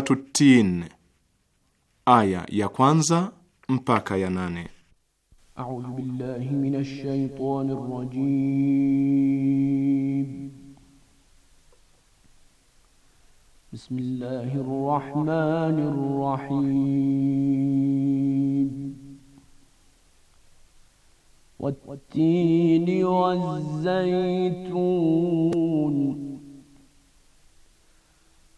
Suratu Tin, aya ya kwanza mpaka ya nane. A'udhu billahi minash shaitani rajim. Bismillahir rahmanir rahim. Wat-tini waz-zaytun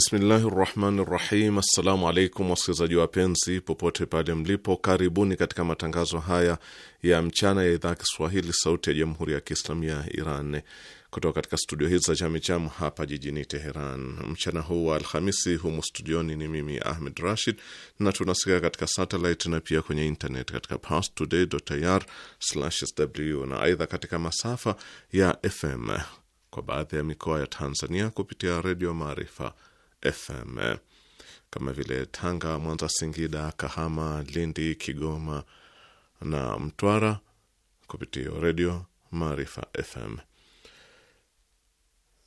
Bismillahi rahmani rahim. Assalamu alaikum wasikilizaji wapenzi, popote pale mlipo, karibuni katika matangazo haya ya mchana ya idhaa Kiswahili sauti ya jamhuri ya Kiislamu ya Iran kutoka katika studio hizi za Chamichamu hapa jijini Teheran. Mchana huu wa Alhamisi humu studioni ni mimi Ahmed Rashid, na tunasikika katika satelit na pia kwenye internet katika parstoday.ir/sw na aidha katika masafa ya FM kwa baadhi ya mikoa ya Tanzania kupitia redio Maarifa FM kama vile Tanga, Mwanza, Singida, Kahama, Lindi, Kigoma na Mtwara kupitia redio Maarifa FM.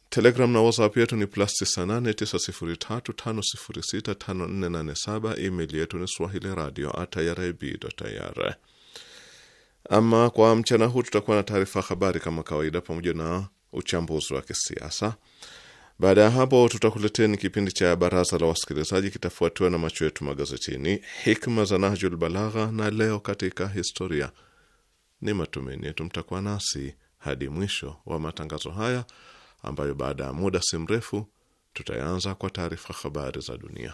Telegram na WhatsApp yetu ni plus 989035065487. Email yetu ni swahili radio at irib.ir. Ama kwa mchana huu tutakuwa na taarifa habari kama kawaida, pamoja na uchambuzi wa kisiasa baada ya hapo, tutakuleteni kipindi cha baraza la wasikilizaji, kitafuatiwa na macho yetu magazetini, hikma za Nahjul Balagha na leo katika historia. Ni matumaini yetu mtakuwa nasi hadi mwisho wa matangazo haya ambayo baada ya muda si mrefu tutaanza kwa taarifa habari za dunia.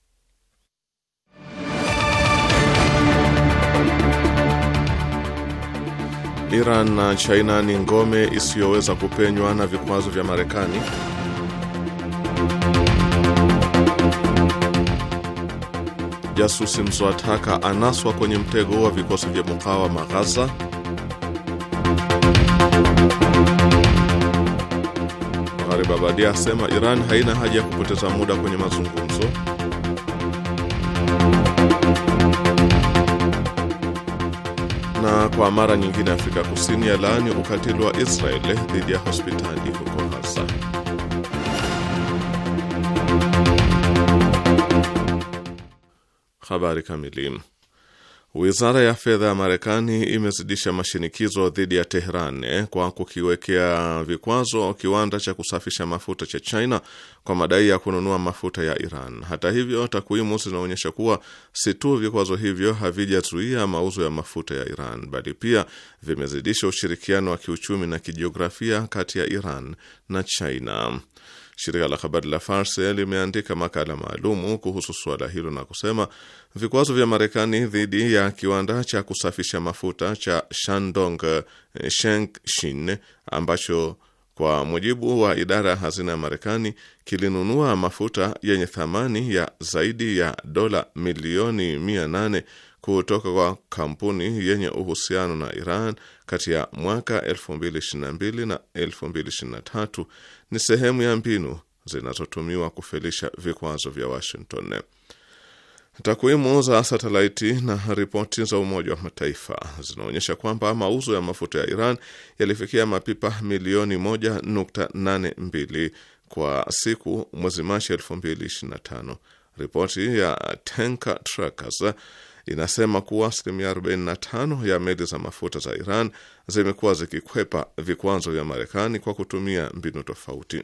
Iran na China ni ngome isiyoweza kupenywa na vikwazo vya Marekani. Jasusi mzwataka anaswa kwenye mtego wa vikosi vya mukawama Gaza. gharibabadi asema Iran haina haja ya kupoteza muda kwenye mazungumzo. kwa mara nyingine Afrika Kusini yalaani ukatili wa Israel dhidi ya hospitali huko Gaza. Habari kamili. Wizara ya fedha ya Marekani imezidisha mashinikizo dhidi ya Tehran kwa kukiwekea vikwazo kiwanda cha kusafisha mafuta cha China kwa madai ya kununua mafuta ya Iran. Hata hivyo, takwimu zinaonyesha kuwa si tu vikwazo hivyo havijazuia mauzo ya mafuta ya Iran, bali pia vimezidisha ushirikiano wa kiuchumi na kijiografia kati ya Iran na China. Shirika la habari la Fars limeandika makala maalumu kuhusu suala hilo na kusema vikwazo vya Marekani dhidi ya kiwanda cha kusafisha mafuta cha Shandong eh, Shengshin ambacho kwa mujibu wa idara ya hazina ya Marekani kilinunua mafuta yenye thamani ya zaidi ya dola milioni 800 kutoka kwa kampuni yenye uhusiano na Iran kati ya mwaka 2022 na 2023. Ni sehemu ya mbinu zinazotumiwa kufelisha vikwazo vya Washington. Takwimu za satelaiti na ripoti za Umoja wa Mataifa zinaonyesha kwamba mauzo ya mafuta ya Iran yalifikia mapipa milioni 1.82 kwa siku mwezi Machi 2025. Ripoti ya Tanker Trackers inasema kuwa asilimia 45 ya meli za mafuta za Iran zimekuwa zikikwepa vikwazo vya Marekani kwa kutumia mbinu tofauti.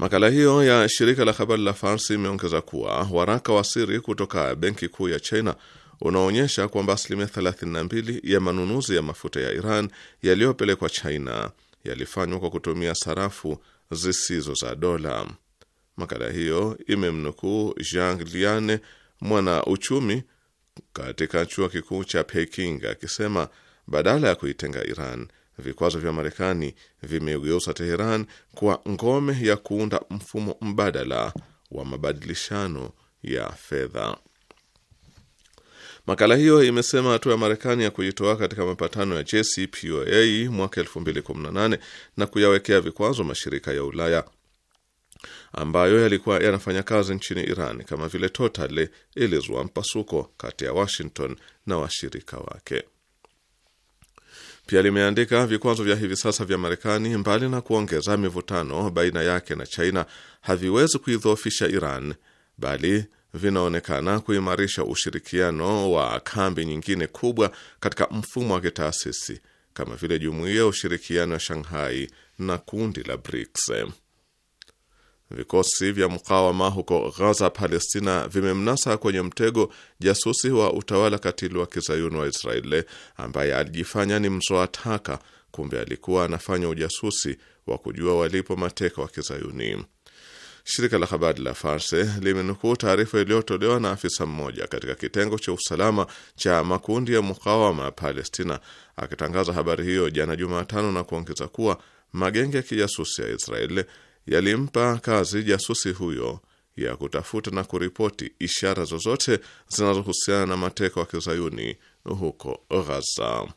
Makala hiyo ya shirika la habari la Farsi imeongeza kuwa waraka wa siri kutoka benki kuu ya China unaonyesha kwamba asilimia 32 ya manunuzi ya mafuta ya Iran yaliyopelekwa China yalifanywa kwa kutumia sarafu zisizo za dola. Makala hiyo imemnukuu Jean Liane, mwana uchumi katika chuo kikuu cha Peking, akisema badala ya kuitenga Iran vikwazo vya Marekani vimegeuza Teheran kuwa ngome ya kuunda mfumo mbadala wa mabadilishano ya fedha. Makala hiyo imesema hatua ya Marekani ya kujitoa katika mapatano ya JCPOA mwaka 2018 na kuyawekea vikwazo mashirika ya Ulaya ambayo yalikuwa yanafanya kazi nchini Iran kama vile Total ilizua mpasuko kati ya Washington na washirika wake. Pia limeandika vikwazo vya hivi sasa vya Marekani, mbali na kuongeza mivutano baina yake na China, haviwezi kuidhoofisha Iran, bali vinaonekana kuimarisha ushirikiano wa kambi nyingine kubwa katika mfumo wa kitaasisi kama vile Jumuiya ya Ushirikiano ya Shanghai na kundi la BRICS. Vikosi vya mkawama huko Ghaza, Palestina, vimemnasa kwenye mtego jasusi wa utawala katili wa kizayuni wa Israeli ambaye alijifanya ni mzoa taka, kumbe alikuwa anafanya ujasusi wa kujua walipo mateka wa kizayuni. Shirika la habari la Farse limenukuu taarifa iliyotolewa na afisa mmoja katika kitengo cha usalama cha makundi ya mukawama Palestina akitangaza habari hiyo jana Jumatano na kuongeza kuwa magenge ya kijasusi ya Israeli yalimpa kazi jasusi huyo ya kutafuta na kuripoti ishara zozote zinazohusiana na mateka wa kizayuni huko Ghaza.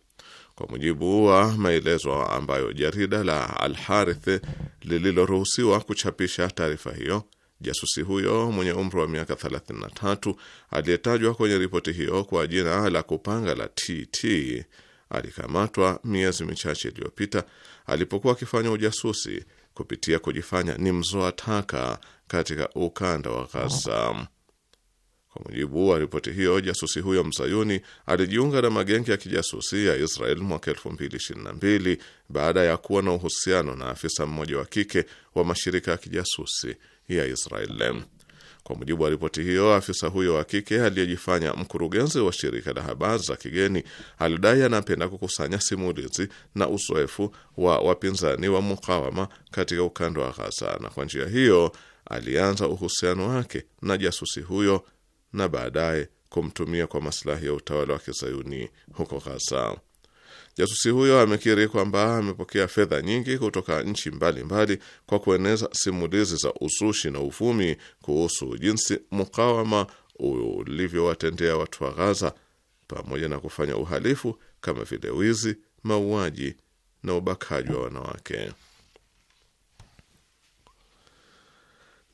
Kwa mujibu wa maelezo ambayo jarida la alharith lililoruhusiwa kuchapisha taarifa hiyo, jasusi huyo mwenye umri wa miaka 33 aliyetajwa kwenye ripoti hiyo kwa jina la kupanga la TT alikamatwa miezi michache iliyopita alipokuwa akifanya ujasusi kupitia kujifanya ni mzoa taka katika ukanda wa Ghaza. Kwa mujibu wa ripoti hiyo, jasusi huyo mzayuni alijiunga na magenge ya kijasusi ya Israel mwaka mbili baada ya kuwa na uhusiano na afisa mmoja wa kike wa mashirika ya kijasusi ya Israel. Kwa mujibu wa ripoti hiyo, afisa huyo wa kike aliyejifanya mkurugenzi wa shirika la habari za kigeni alidai anapenda kukusanya simulizi na uzoefu wa wapinzani wa mukawama katika ukanda wa Ghaza, na kwa njia hiyo alianza uhusiano wake na jasusi huyo na baadaye kumtumia kwa masilahi ya utawala wa kizayuni huko Ghaza. Jasusi huyo amekiri kwamba amepokea fedha nyingi kutoka nchi mbalimbali mbali kwa kueneza simulizi za uzushi na uvumi kuhusu jinsi mukawama ulivyowatendea watu wa Ghaza pamoja na kufanya uhalifu kama vile wizi, mauaji na ubakaji wa wanawake.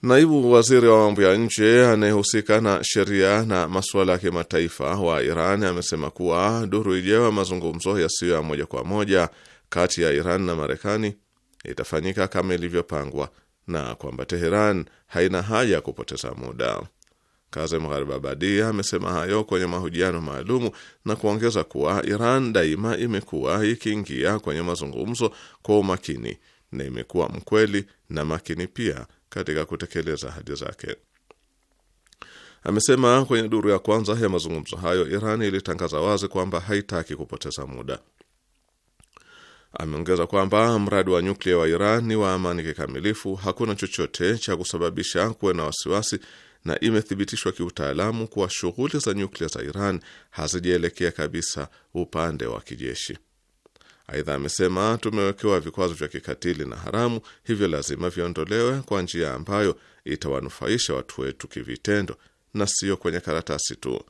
Naibu waziri wa mambo ya nje anayehusika na sheria na masuala ya kimataifa wa Iran amesema kuwa duru ijayo ya mazungumzo yasiyo ya moja kwa moja kati ya Iran na Marekani itafanyika kama ilivyopangwa na kwamba Teheran haina haja ya kupoteza muda. Kazem Gharibabadi amesema hayo kwenye mahojiano maalumu na kuongeza kuwa Iran daima imekuwa ikiingia kwenye mazungumzo kwa umakini na imekuwa mkweli na makini pia katika kutekeleza ahadi zake. Amesema kwenye duru ya kwanza ya mazungumzo hayo, Iran ilitangaza wazi kwamba haitaki kupoteza muda. Ameongeza kwamba mradi wa nyuklia wa Iran ni wa amani kikamilifu, hakuna chochote cha kusababisha kuwe na wasiwasi, na imethibitishwa kiutaalamu kuwa shughuli za nyuklia za Iran hazijaelekea kabisa upande wa kijeshi. Aidha amesema tumewekewa vikwazo vya kikatili na haramu, hivyo lazima viondolewe kwa njia ambayo itawanufaisha watu wetu kivitendo na sio kwenye karatasi tu.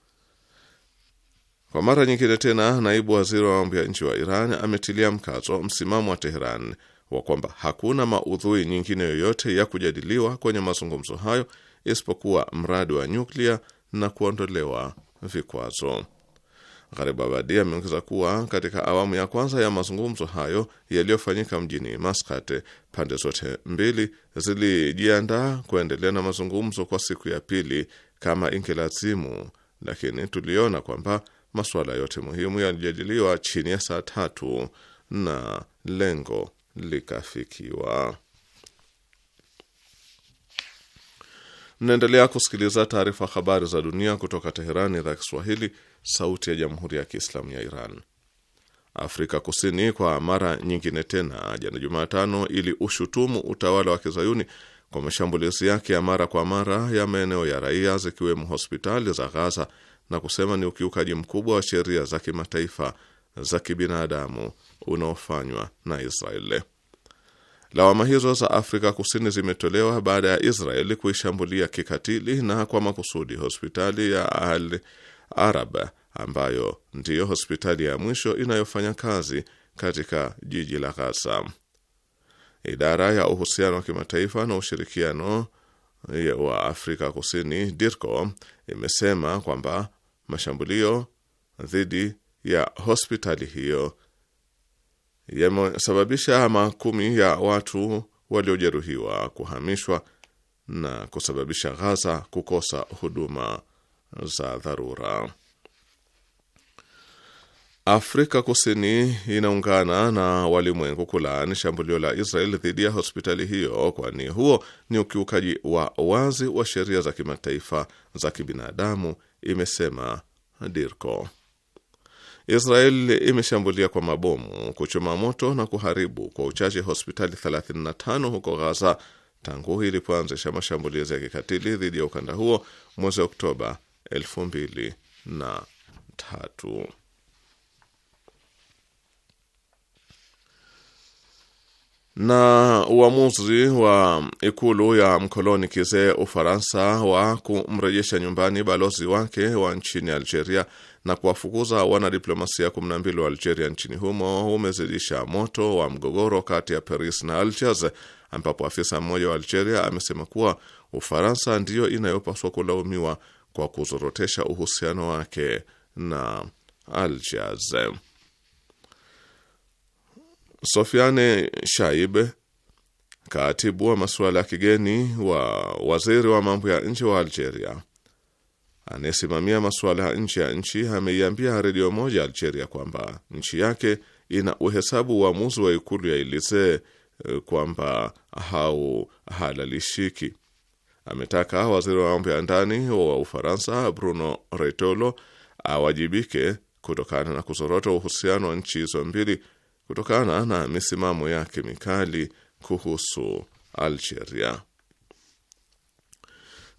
Kwa mara nyingine tena, naibu waziri wa mambo ya nchi wa Iran ametilia mkazo msimamo wa Teheran wa kwamba hakuna maudhui nyingine yoyote ya kujadiliwa kwenye mazungumzo hayo isipokuwa mradi wa nyuklia na kuondolewa vikwazo. Gharibabadi Abadi ameongeza kuwa katika awamu ya kwanza ya mazungumzo hayo yaliyofanyika mjini Maskat, pande zote mbili zilijiandaa kuendelea na mazungumzo kwa siku ya pili kama ingelazimu, lakini tuliona kwamba masuala yote muhimu yalijadiliwa chini ya saa tatu na lengo likafikiwa. Mnaendelea kusikiliza taarifa habari za dunia kutoka Teherani, idhaa Kiswahili, sauti ya jamhuri ya kiislamu ya Iran. Afrika Kusini kwa mara nyingine tena jana Jumatano ili ushutumu utawala wa kizayuni kwa mashambulizi yake ya mara kwa mara ya maeneo ya raia zikiwemo hospitali za Ghaza na kusema ni ukiukaji mkubwa wa sheria za kimataifa za kibinadamu unaofanywa na Israeli. Lawama hizo za Afrika Kusini zimetolewa baada ya Israeli kuishambulia kikatili na kwa makusudi hospitali ya Al Arab ambayo ndiyo hospitali ya mwisho inayofanya kazi katika jiji la Gaza. Idara ya uhusiano wa kimataifa na ushirikiano wa Afrika Kusini DIRCO imesema kwamba mashambulio dhidi ya hospitali hiyo yamesababisha makumi ya watu waliojeruhiwa kuhamishwa na kusababisha Ghaza kukosa huduma za dharura. Afrika Kusini inaungana na walimwengu kulaani shambulio la Israel dhidi ya hospitali hiyo, kwani huo ni ukiukaji wa wazi wa sheria za kimataifa za kibinadamu, imesema DIRCO. Israel imeshambulia kwa mabomu, kuchoma moto na kuharibu kwa uchache hospitali 35 huko Gaza tangu ilipoanzisha mashambulizi ya kikatili dhidi ya ukanda huo mwezi Oktoba 2003. Na uamuzi wa ikulu ya mkoloni kizee Ufaransa wa kumrejesha nyumbani balozi wake wa nchini Algeria na kuwafukuza wanadiplomasia 12 wa Algeria nchini humo umezidisha moto wa mgogoro kati ya Paris na Algiers, ambapo afisa mmoja wa Algeria amesema kuwa Ufaransa ndiyo inayopaswa kulaumiwa kwa kuzorotesha uhusiano wake na Algiers. Sofiane Shaib, katibu wa masuala ya kigeni wa waziri wa mambo ya nje wa Algeria, anayesimamia masuala ya nchi ya nchi ameiambia redio moja Algeria kwamba nchi yake ina uhesabu uamuzi wa, ikulu ya Elisee eh, kwamba halalishiki Ametaka waziri wa mambo ya ndani wa Ufaransa Bruno Retolo awajibike kutokana na kuzorota uhusiano wa nchi hizo mbili kutokana na misimamo yake mikali kuhusu Algeria.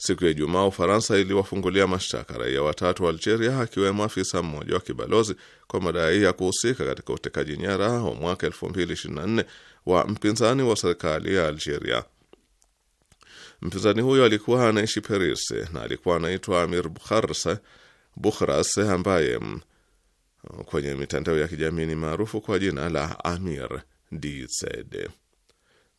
Siku ya Ijumaa, Ufaransa iliwafungulia mashtaka raia watatu wa Algeria, akiwemo afisa mmoja wa kibalozi kwa madai ya kuhusika katika utekaji nyara wa mwaka 2024 wa mpinzani wa serikali ya Algeria. Mpinzani huyo alikuwa anaishi Paris na alikuwa anaitwa Amir Bukhras, ambaye mm, kwenye mitandao ya kijamii ni maarufu kwa jina la Amir DZ.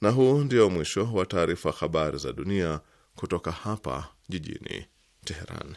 Na huu ndio mwisho wa taarifa habari za dunia kutoka hapa jijini Teheran.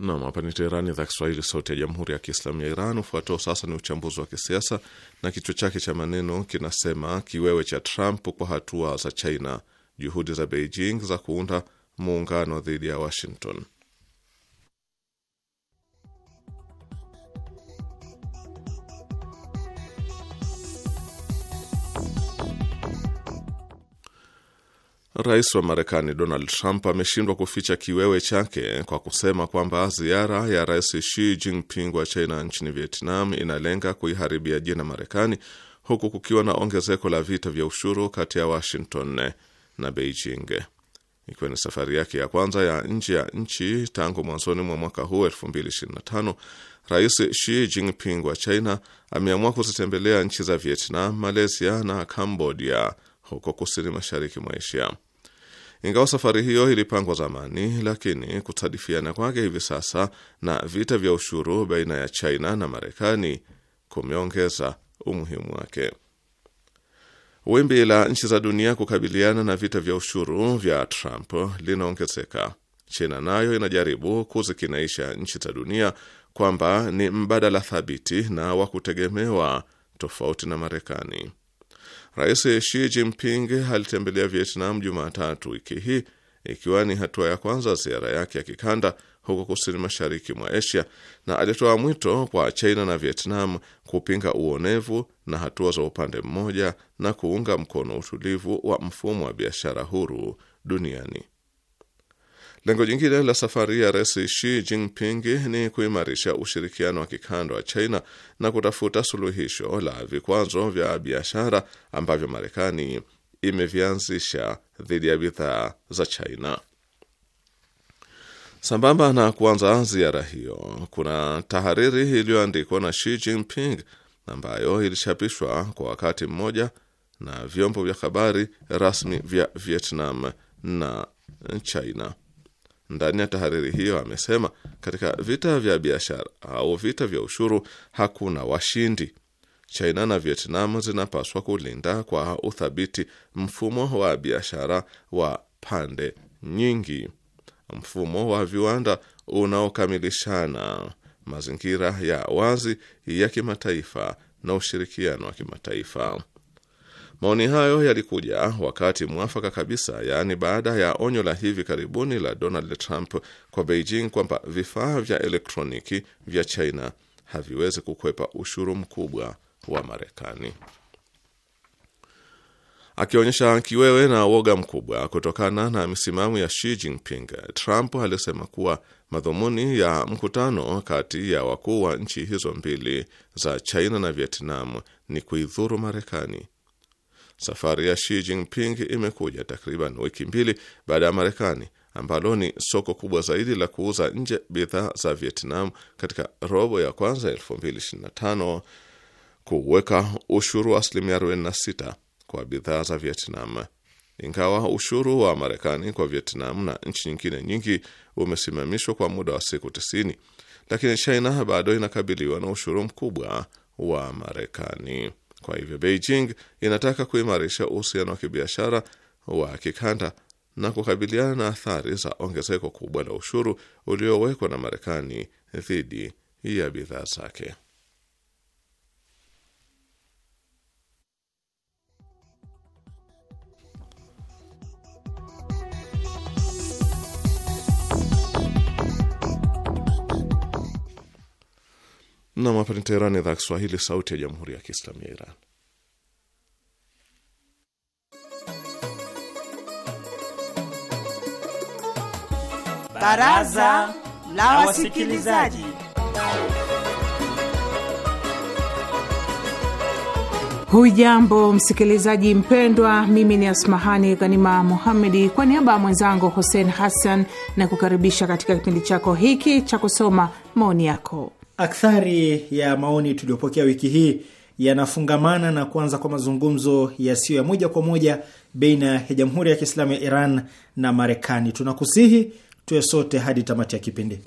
Nam, hapa ni Teherani, idhaa Kiswahili, sauti ya jamhuri ya kiislamu ya Iran. Ufuatao sasa ni uchambuzi wa kisiasa na kichwa chake cha maneno kinasema: kiwewe cha Trump kwa hatua za China, juhudi za Beijing za kuunda muungano dhidi ya Washington. Rais wa Marekani Donald Trump ameshindwa kuficha kiwewe chake kwa kusema kwamba ziara ya Rais Xi Jinping wa China nchini Vietnam inalenga kuiharibia jina Marekani, huku kukiwa na ongezeko la vita vya ushuru kati ya Washington na Beijing, ikiwa ni safari yake ya kwanza ya nje ya nchi tangu mwanzoni mwa mwaka huu 2025. Rais Xi Jinping wa China ameamua kuzitembelea nchi za Vietnam, Malaysia na Cambodia huko kusini mashariki mwa Asia. Ingawa safari hiyo ilipangwa zamani, lakini kusadifiana kwake hivi sasa na vita vya ushuru baina ya China na Marekani kumeongeza umuhimu wake. Wimbi la nchi za dunia kukabiliana na vita vya ushuru vya Trump linaongezeka. China nayo inajaribu kuzikinaisha nchi za dunia kwamba ni mbadala thabiti na wa kutegemewa tofauti na Marekani. Rais Xi Jinping alitembelea Vietnam Jumatatu wiki hii ikiwa ni hatua ya kwanza ziara yake ya kikanda huko kusini mashariki mwa Asia, na alitoa mwito kwa China na Vietnam kupinga uonevu na hatua za upande mmoja na kuunga mkono utulivu wa mfumo wa biashara huru duniani. Lengo jingine la safari ya Rais Xi Jinping ni kuimarisha ushirikiano wa kikanda wa China na kutafuta suluhisho la vikwazo vya biashara ambavyo Marekani imevianzisha dhidi ya bidhaa za China. Sambamba na kuanza ziara hiyo, kuna tahariri iliyoandikwa na Xi Jinping ambayo ilichapishwa kwa wakati mmoja na vyombo vya habari rasmi vya Vietnam na China. Ndani ya tahariri hiyo amesema, katika vita vya biashara au vita vya ushuru hakuna washindi. China na Vietnam zinapaswa kulinda kwa uthabiti mfumo wa biashara wa pande nyingi, mfumo wa viwanda unaokamilishana, mazingira ya wazi ya kimataifa na ushirikiano wa kimataifa. Maoni hayo yalikuja wakati mwafaka kabisa, yaani baada ya onyo la hivi karibuni la Donald Trump kwa Beijing kwamba vifaa vya elektroniki vya China haviwezi kukwepa ushuru mkubwa wa Marekani. Akionyesha kiwewe na woga mkubwa kutokana na misimamo ya Xi Jinping, Trump alisema kuwa madhumuni ya mkutano kati ya wakuu wa nchi hizo mbili za China na Vietnam ni kuidhuru Marekani. Safari ya Xi Jinping imekuja takriban wiki mbili baada ya Marekani, ambalo ni soko kubwa zaidi la kuuza nje bidhaa za Vietnam katika robo ya kwanza 2025 kuweka ushuru wa asilimia 46 kwa bidhaa za Vietnam. Ingawa ushuru wa Marekani kwa Vietnam na nchi nyingine nyingi umesimamishwa kwa muda wa siku 90, lakini China bado inakabiliwa na ushuru mkubwa wa Marekani. Kwa hivyo, Beijing inataka kuimarisha uhusiano wa kibiashara wa kikanda na kukabiliana na athari za ongezeko kubwa la ushuru uliowekwa na Marekani dhidi ya bidhaa zake. Nam, hapa ni idhaa Kiswahili, sauti ya jamhuri ya kiislamu ya Iran. Baraza la Wasikilizaji. Hujambo msikilizaji mpendwa, mimi ni Asmahani Ghanima Muhammedi kwa niaba ya mwenzangu Hussein Hassan na kukaribisha katika kipindi chako hiki cha kusoma maoni yako. Akthari ya maoni tuliyopokea wiki hii yanafungamana na kuanza kwa mazungumzo yasiyo ya moja kwa moja baina ya Jamhuri ya Kiislamu ya Iran na Marekani. Tunakusihi tuwe sote hadi tamati ya kipindi.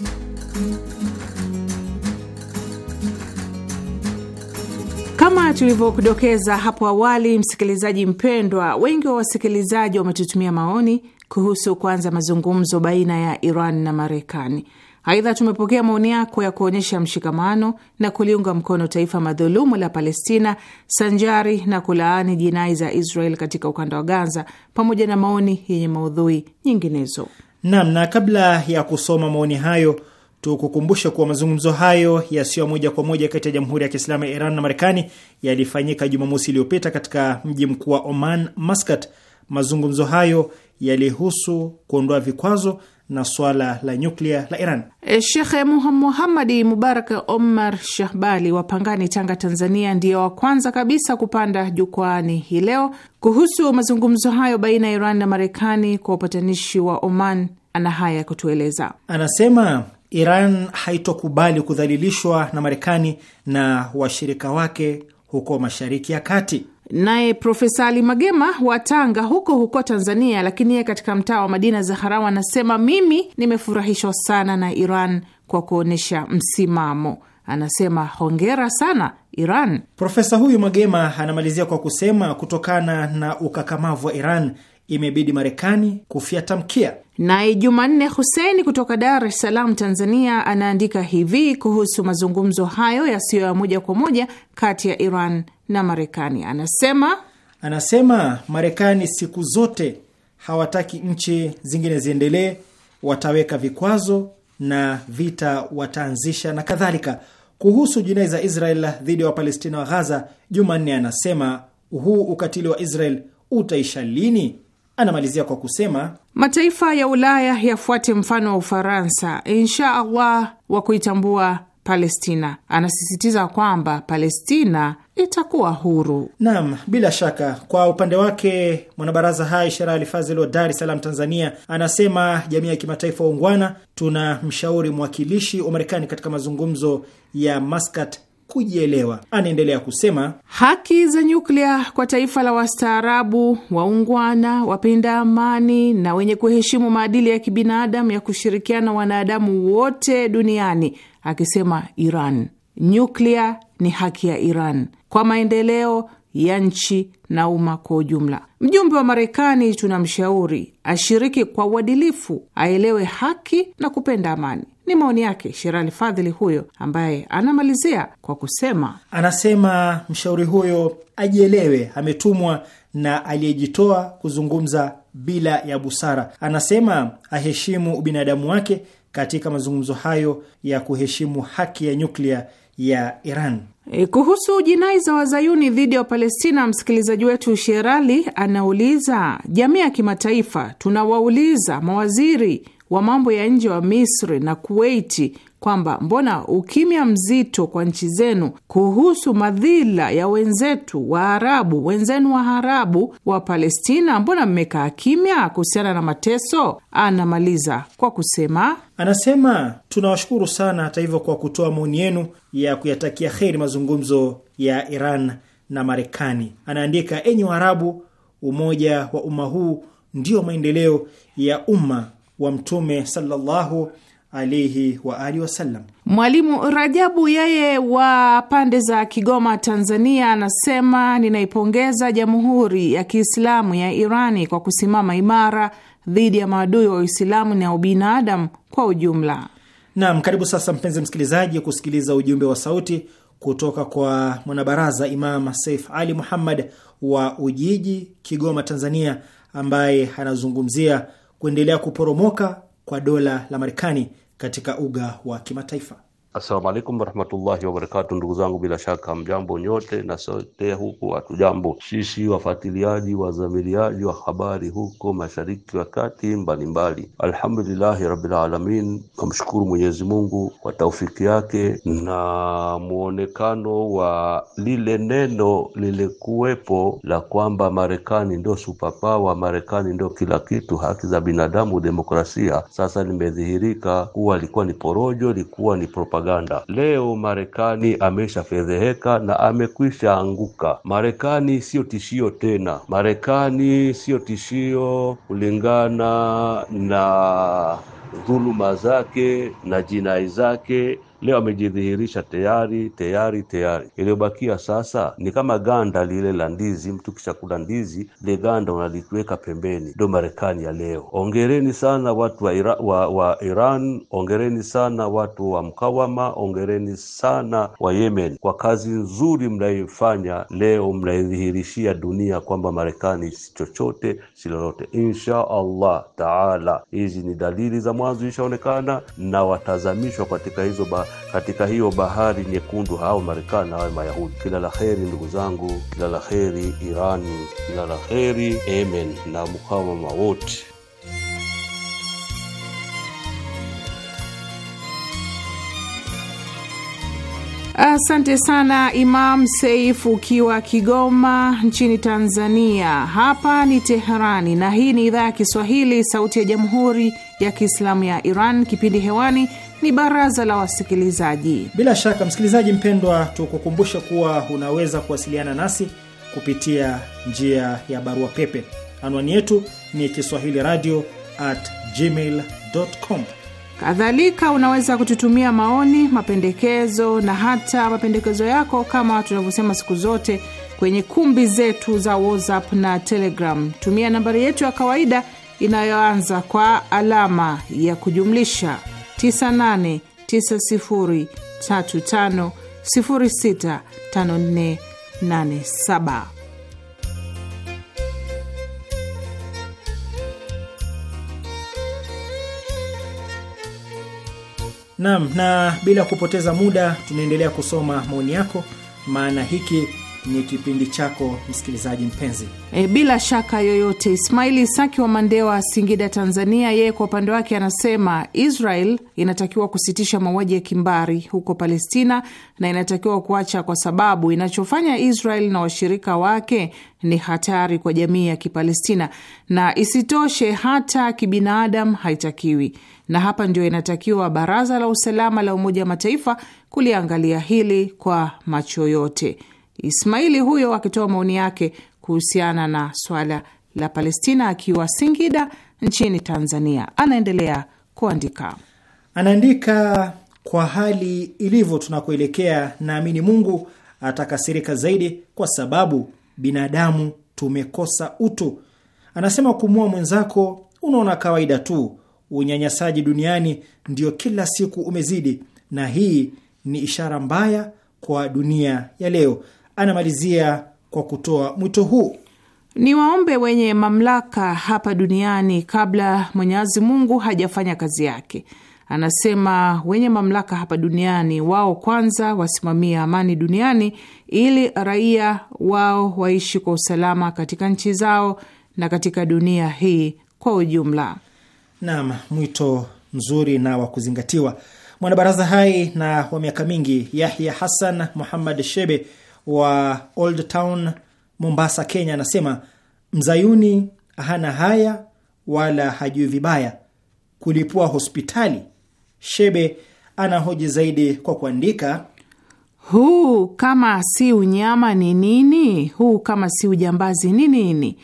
Kama tulivyokudokeza hapo awali, msikilizaji mpendwa, wengi wa wasikilizaji wametutumia maoni kuhusu kuanza mazungumzo baina ya Iran na Marekani. Aidha, tumepokea maoni yako ya kuonyesha mshikamano na kuliunga mkono taifa madhulumu la Palestina sanjari na kulaani jinai za Israel katika ukanda wa Gaza, pamoja na maoni yenye maudhui nyinginezo. Naam, na kabla ya kusoma maoni hayo tukukumbushe kuwa mazungumzo hayo yasiyo moja kwa moja kati ya Jamhuri ya Kiislamu ya Iran na Marekani yalifanyika Jumamosi iliyopita katika mji mkuu wa Oman, Maskat. Mazungumzo hayo yalihusu kuondoa vikwazo na swala la nyuklia la Iran. E, eh, Shekhe Muhammadi Mubarak Omar Shahbali wa Pangani, Tanga, Tanzania, ndiyo wa kwanza kabisa kupanda jukwaani hii leo kuhusu mazungumzo hayo baina ya Iran na Marekani kwa upatanishi wa Oman. Ana haya ya kutueleza, anasema Iran haitokubali kudhalilishwa na Marekani na washirika wake huko Mashariki ya Kati. Naye Profesa Ali Magema wa Tanga huko huko Tanzania, lakini yeye katika mtaa wa Madina Zaharau anasema, mimi nimefurahishwa sana na Iran kwa kuonyesha msimamo. Anasema hongera sana Iran. Profesa huyu Magema anamalizia kwa kusema kutokana na ukakamavu wa Iran imebidi Marekani kufyata mkia. Naye Jumanne Huseini kutoka Dar es Salaam, Tanzania, anaandika hivi kuhusu mazungumzo hayo yasiyo ya moja kwa moja kati ya Iran na Marekani. Anasema anasema Marekani siku zote hawataki nchi zingine ziendelee, wataweka vikwazo na vita wataanzisha na kadhalika. Kuhusu jinai za Israel dhidi ya Wapalestina wa Ghaza, Jumanne anasema huu ukatili wa Israel utaisha lini? Anamalizia kwa kusema mataifa ya Ulaya yafuate mfano wa Ufaransa, insha Allah, wa kuitambua Palestina. Anasisitiza kwamba Palestina itakuwa huru. Naam, bila shaka. Kwa upande wake mwanabaraza hai Sherali Alfazil wa Dar es Salaam, Tanzania, anasema jamii ya kimataifa ungwana tuna mshauri mwakilishi wa Marekani katika mazungumzo ya Maskat kujielewa. Anaendelea kusema haki za nyuklia kwa taifa la wastaarabu waungwana, wapenda amani na wenye kuheshimu maadili ya kibinadamu ya kushirikiana wanadamu wote duniani akisema Iran, nyuklia ni haki ya Iran kwa maendeleo ya nchi na umma kwa ujumla. Mjumbe wa Marekani tunamshauri ashiriki kwa uadilifu, aelewe haki na kupenda amani. Ni maoni yake Sherali Fadhili huyo, ambaye anamalizia kwa kusema, anasema mshauri huyo ajielewe, ametumwa na aliyejitoa kuzungumza bila ya busara. Anasema aheshimu ubinadamu wake katika mazungumzo hayo ya kuheshimu haki ya nyuklia ya Iran. E, kuhusu jinai za wazayuni dhidi ya Wapalestina, msikilizaji wetu Sherali anauliza, jamii ya kimataifa tunawauliza mawaziri wa mambo ya nje wa Misri na Kuwaiti kwamba mbona ukimya mzito kwa nchi zenu kuhusu madhila ya wenzetu Arabu, wenzenu wa Arabu wa Palestina, mbona mmekaa kimya kuhusiana na mateso? Anamaliza kwa kusema anasema, tunawashukuru sana hata hivyo kwa kutoa maoni yenu ya kuyatakia heri mazungumzo ya Iran na Marekani. Anaandika, enyi Waarabu, umoja wa umma huu ndio maendeleo ya umma wa Mtume sallallahu alaihi wa alihi wasallam. Mwalimu Rajabu yeye wa pande za Kigoma, Tanzania, anasema ninaipongeza Jamhuri ya Kiislamu ya Irani kwa kusimama imara dhidi ya maadui wa Uislamu na ubinadamu kwa ujumla. Naam, karibu sasa mpenzi msikilizaji kusikiliza ujumbe wa sauti kutoka kwa mwanabaraza Imam Saif Ali Muhammad wa Ujiji, Kigoma, Tanzania, ambaye anazungumzia kuendelea kuporomoka kwa dola la Marekani katika uga wa kimataifa. Assalamu alaikum warahmatullahi wabarakatu, ndugu zangu, bila shaka mjambo nyote na sote huku watu jambo. Sisi wafuatiliaji wazamiliaji wa habari huko mashariki wa kati mbalimbali, alhamdulillahi rabbil alamin, namshukuru Mwenyezi Mungu kwa taufiki yake na muonekano wa lile neno lilikuwepo la kwamba Marekani ndio superpower, Marekani ndio kila kitu, haki za binadamu, demokrasia, sasa limedhihirika kuwa likuwa ni porojo, ilikuwa ni propaganda propaganda. Leo Marekani ameshafedheheka na amekwisha anguka. Marekani siyo tishio tena, Marekani siyo tishio kulingana na dhuluma zake na jinai zake leo amejidhihirisha tayari tayari tayari. Iliyobakia sasa ni kama ganda lile la ndizi. Mtu kisha kula ndizi, ile ganda unaliweka pembeni. Ndio Marekani ya leo. Ongereni sana watu wa, Ira, wa, wa Iran, ongereni sana watu wa mkawama, ongereni sana wa Yemen kwa kazi nzuri mnayoifanya. Leo mnaidhihirishia dunia kwamba Marekani si chochote si lolote. Insha Allah taala, hizi ni dalili za mwanzo ishaonekana na watazamishwa katika hizo ba katika hiyo bahari nyekundu, hao Marekani na hao Mayahudi. Kila la kheri ndugu zangu, kila la kheri Irani, kila la kheri Amen na mukawama wote. Asante sana Imam Seif, ukiwa Kigoma nchini Tanzania. Hapa ni Teherani na hii ni idhaa ya Kiswahili, Sauti ya Jamhuri ya Kiislamu ya Iran. Kipindi hewani ni baraza la wasikilizaji. Bila shaka, msikilizaji mpendwa, tukukumbushe kuwa unaweza kuwasiliana nasi kupitia njia ya barua pepe. Anwani yetu ni kiswahili radio at gmail com. Kadhalika, unaweza kututumia maoni, mapendekezo na hata mapendekezo yako, kama tunavyosema siku zote, kwenye kumbi zetu za WhatsApp na Telegram. Tumia nambari yetu ya kawaida inayoanza kwa alama ya kujumlisha 989035065487. Naam, na bila kupoteza muda tunaendelea kusoma maoni yako, maana hiki ni kipindi chako msikilizaji mpenzi. E, bila shaka yoyote, Ismaili saki wa Mandewa, Singida, Tanzania, yeye kwa upande wake anasema Israel inatakiwa kusitisha mauaji ya kimbari huko Palestina na inatakiwa kuacha, kwa sababu inachofanya Israel na washirika wake ni hatari kwa jamii ya Kipalestina, na isitoshe hata kibinadamu haitakiwi. Na hapa ndio inatakiwa Baraza la Usalama la Umoja wa Mataifa kuliangalia hili kwa macho yote. Ismaili huyo akitoa maoni yake kuhusiana na swala la Palestina akiwa Singida nchini Tanzania. Anaendelea kuandika, anaandika kwa hali ilivyo tunakoelekea, naamini Mungu atakasirika zaidi, kwa sababu binadamu tumekosa utu. Anasema kumua mwenzako unaona kawaida tu. Unyanyasaji duniani ndio kila siku umezidi, na hii ni ishara mbaya kwa dunia ya leo anamalizia kwa kutoa mwito huu: ni waombe wenye mamlaka hapa duniani kabla Mwenyezi Mungu hajafanya kazi yake. Anasema wenye mamlaka hapa duniani wao kwanza wasimamie amani duniani ili raia wao waishi kwa usalama katika nchi zao na katika dunia hii kwa ujumla. Naam, mwito mzuri na wa kuzingatiwa. Mwanabaraza hai na wa miaka mingi Yahya Hassan Muhammad Shebe wa Old Town Mombasa, Kenya, anasema mzayuni hana haya wala hajui vibaya kulipua hospitali. Shebe anahoji zaidi kwa kuandika, huu kama si unyama ni nini? Huu kama si ujambazi ni nini?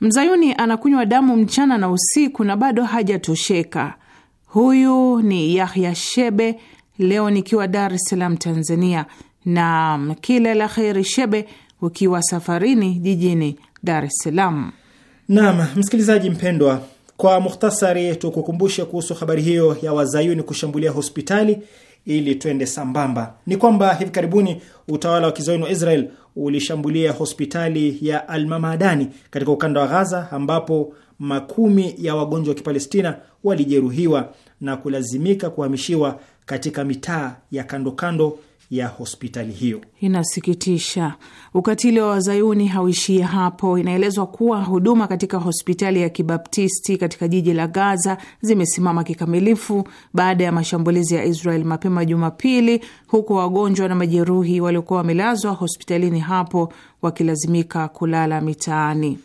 Mzayuni anakunywa damu mchana na usiku na bado hajatosheka. Huyu ni Yahya Shebe. Leo nikiwa Dar es Salaam, Tanzania na kila la kheri shebe ukiwa safarini jijini Dar es Salaam. Naam, msikilizaji mpendwa, kwa mukhtasari tukukumbushe kuhusu habari hiyo ya wazayuni kushambulia hospitali ili twende sambamba. Ni kwamba hivi karibuni utawala wa kizayuni wa Israel ulishambulia hospitali ya Almamadani katika ukanda wa Ghaza ambapo makumi ya wagonjwa wa Kipalestina walijeruhiwa na kulazimika kuhamishiwa katika mitaa ya kando kando ya hospitali hiyo. Inasikitisha. Ukatili wa wazayuni hauishii hapo. Inaelezwa kuwa huduma katika hospitali ya kibaptisti katika jiji la Gaza zimesimama kikamilifu baada ya mashambulizi ya Israel mapema Jumapili, huku wagonjwa na majeruhi waliokuwa wamelazwa hospitalini hapo wakilazimika kulala mitaani.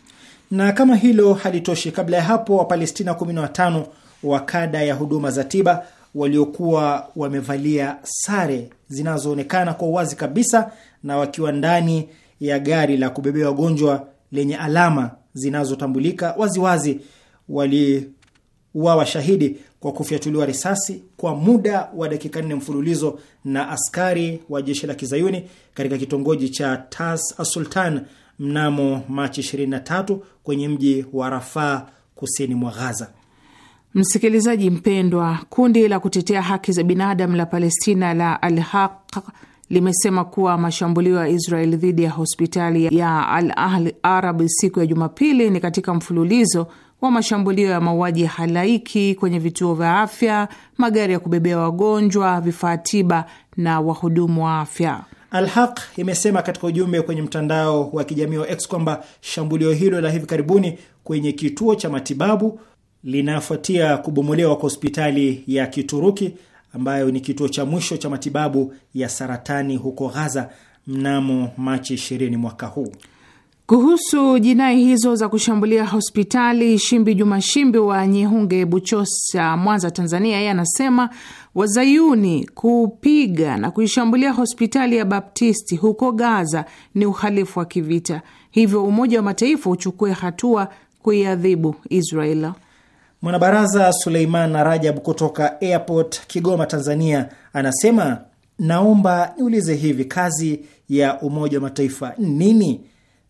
Na kama hilo halitoshi, kabla ya hapo Wapalestina 15 wa kada ya huduma za tiba waliokuwa wamevalia sare zinazoonekana kwa uwazi kabisa na wakiwa ndani ya gari la kubebea wagonjwa lenye alama zinazotambulika waziwazi, waliuawa shahidi kwa kufyatuliwa risasi kwa muda wa dakika nne mfululizo na askari wa jeshi la kizayuni katika kitongoji cha Tas Asultan mnamo Machi 23 kwenye mji wa Rafaa kusini mwa Ghaza. Msikilizaji mpendwa, kundi la kutetea haki za binadamu la Palestina la Al Haq limesema kuwa mashambulio ya Israel dhidi ya hospitali ya Al Ahli Arab siku ya Jumapili ni katika mfululizo wa mashambulio ya mauaji ya halaiki kwenye vituo vya afya, magari ya kubebea wagonjwa, vifaa tiba na wahudumu wa afya. Alhaq imesema katika ujumbe kwenye mtandao wa kijamii wa X kwamba shambulio hilo la hivi karibuni kwenye kituo cha matibabu linafuatia kubomolewa kwa hospitali ya Kituruki ambayo ni kituo cha mwisho cha matibabu ya saratani huko Gaza mnamo Machi 20 mwaka huu. Kuhusu jinai hizo za kushambulia hospitali, Shimbi Juma Shimbi wa Nyehunge, Buchosa, Mwanza, Tanzania, yeye anasema Wazayuni kupiga na kuishambulia hospitali ya Baptisti huko Gaza ni uhalifu wa kivita, hivyo Umoja wa Mataifa uchukue hatua kuiadhibu Israeli. Mwanabaraza Suleiman na Rajab kutoka Airport Kigoma, Tanzania, anasema naomba niulize, hivi kazi ya Umoja wa Mataifa nini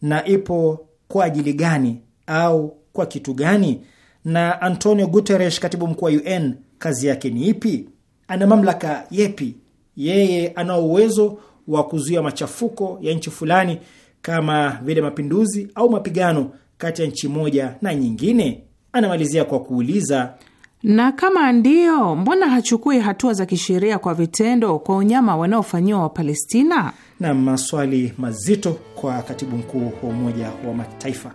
na ipo kwa ajili gani au kwa kitu gani? Na Antonio Guterres, katibu mkuu wa UN, kazi yake ni ipi? Ana mamlaka yepi? Yeye ana uwezo wa kuzuia machafuko ya nchi fulani kama vile mapinduzi au mapigano kati ya nchi moja na nyingine? Anamalizia kwa kuuliza, na kama ndiyo, mbona hachukui hatua za kisheria kwa vitendo kwa unyama wanaofanyiwa Wapalestina? Na maswali mazito kwa katibu mkuu wa Umoja wa Mataifa.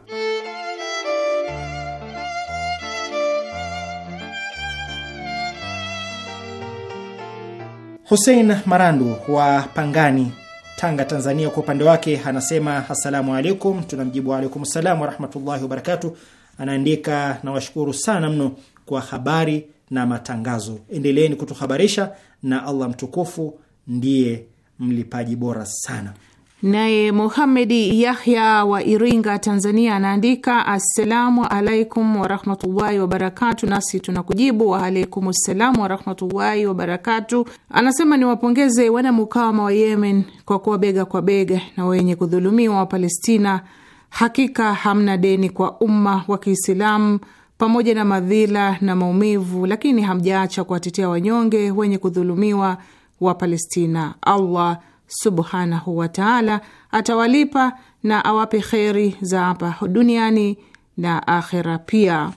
Hussein Marandu wa Pangani, Tanga, Tanzania, kwa upande wake anasema, assalamu alaikum. Tunamjibu waalaikum salam warahmatullahi wabarakatu anaandika, nawashukuru sana mno kwa habari na matangazo, endeleeni kutuhabarisha na Allah mtukufu ndiye mlipaji bora sana. Naye Muhamedi Yahya wa Iringa, Tanzania, anaandika assalamu alaikum warahmatullahi wabarakatu. Nasi tunakujibu waalaikum ssalamu warahmatullahi wabarakatu. Anasema niwapongeze wanamukama wa Yemen kwa kuwa bega kwa bega na wenye kudhulumiwa wa Palestina Hakika hamna deni kwa umma wa Kiislamu pamoja na madhila na maumivu, lakini hamjaacha kuwatetea wanyonge wenye kudhulumiwa wa Palestina. Allah subhanahu wataala atawalipa na awape kheri za hapa duniani na akhera pia.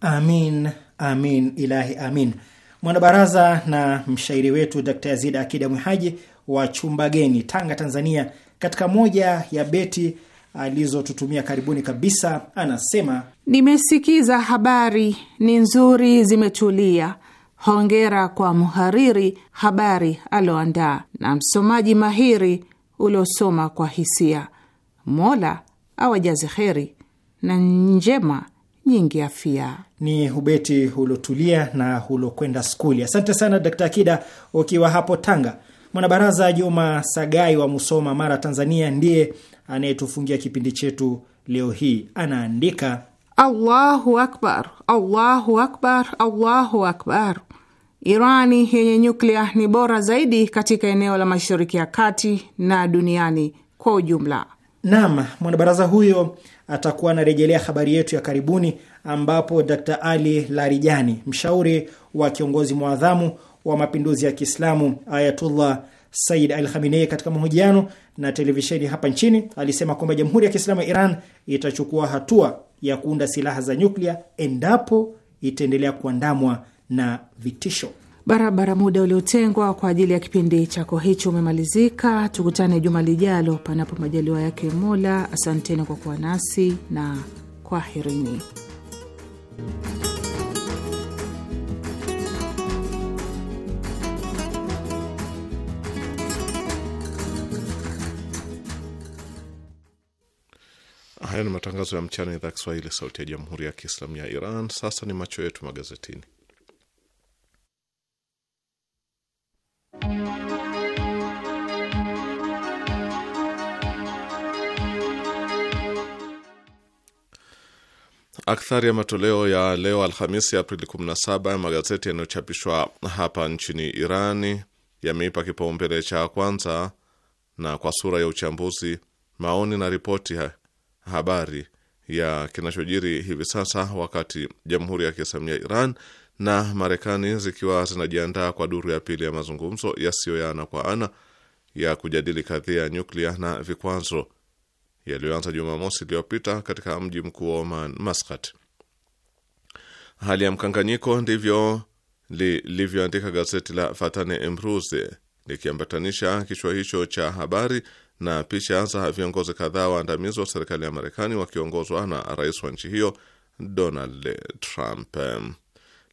Amin, amin, ilahi amin. Mwanabaraza na mshairi wetu Dr. Yazid Akida Mwihaji wa Chumbageni, Tanga, Tanzania, katika moja ya beti alizotutumia karibuni kabisa, anasema nimesikiza habari ni nzuri, zimetulia. Hongera kwa mhariri habari aloandaa na msomaji mahiri uliosoma kwa hisia. Mola awajaze heri na njema nyingi afia. Ni ubeti ulotulia na ulokwenda skuli. Asante sana Dkt. Akida ukiwa hapo Tanga. Mwanabaraza Juma Sagai wa Musoma, Mara, Tanzania, ndiye anayetufungia kipindi chetu leo hii anaandika: Allahu akbar, Allahu akbar, Allahu akbar. Irani yenye nyuklia ni bora zaidi katika eneo la Mashariki ya Kati na duniani kwa ujumla. Naam, mwanabaraza huyo atakuwa anarejelea habari yetu ya karibuni ambapo Dr. Ali Larijani, mshauri wa kiongozi mwadhamu wa mapinduzi ya Kiislamu Ayatullah Said Al Khamenei katika mahojiano na televisheni hapa nchini alisema kwamba Jamhuri ya Kiislamu ya Iran itachukua hatua ya kuunda silaha za nyuklia endapo itaendelea kuandamwa na vitisho. Barabara, muda uliotengwa kwa ajili ya kipindi chako hicho umemalizika. Tukutane juma lijalo, panapo majaliwa yake Mola. Asanteni kwa kuwa nasi na kwaherini. Haya ni matangazo ya mchana idhaa Kiswahili sauti ya jamhuri ya kiislamu ya Iran. Sasa ni macho yetu magazetini. Akthari ya matoleo ya leo Alhamisi, Aprili 17 ya magazeti yanayochapishwa hapa nchini Irani yameipa kipaumbele cha kwanza na kwa sura ya uchambuzi, maoni na ripoti habari ya kinachojiri hivi sasa, wakati Jamhuri ya Kiislamu ya Iran na Marekani zikiwa zinajiandaa kwa duru ya pili ya mazungumzo yasiyo ya ana kwa ana ya kujadili kadhia ya nyuklia na vikwazo yaliyoanza Jumamosi iliyopita katika mji mkuu wa Oman, Maskat. Hali ya mkanganyiko ndivyo lilivyoandika gazeti la Fatane Emruz likiambatanisha kichwa hicho cha habari na picha za viongozi kadhaa waandamizi wa serikali ya Marekani wakiongozwa na rais wa nchi hiyo Donald Trump.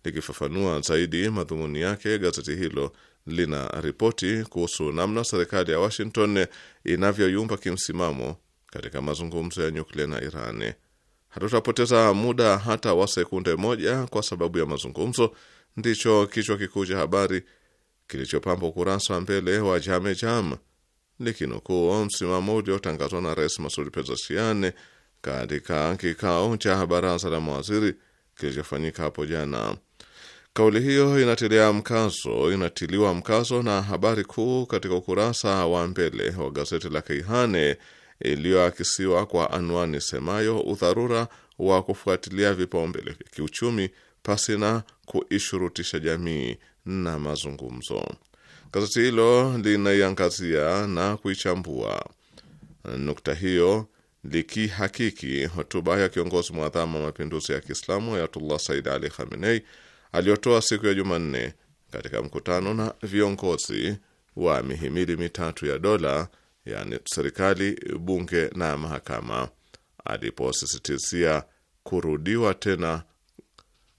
Likifafanua zaidi madhumuni yake, gazeti hilo lina ripoti kuhusu namna serikali ya Washington inavyoyumba kimsimamo katika mazungumzo ya nyuklia na Iran. Hatutapoteza muda hata wa sekunde moja kwa sababu ya mazungumzo, ndicho kichwa kikuu cha habari kilichopamba ukurasa wa mbele wa Jame Jam likinukuu msimamo uliotangazwa na Rais Masud Pezeshkian katika kikao cha baraza la mawaziri kilichofanyika hapo jana. Kauli hiyo inatilia mkazo inatiliwa mkazo na habari kuu katika ukurasa wa mbele wa gazeti la Keihane iliyoakisiwa kwa anwani semayo udharura wa kufuatilia vipaumbele vya kiuchumi pasi na kuishurutisha jamii na mazungumzo. Gazeti hilo linaiangazia na kuichambua nukta hiyo likihakiki hotuba ya kiongozi mwadhamu wa mapinduzi ya Kiislamu Ayatullah Said Ali Khamenei aliyotoa siku ya Jumanne katika mkutano na viongozi wa mihimili mitatu ya dola, yani serikali, bunge na mahakama, aliposisitizia kurudiwa tena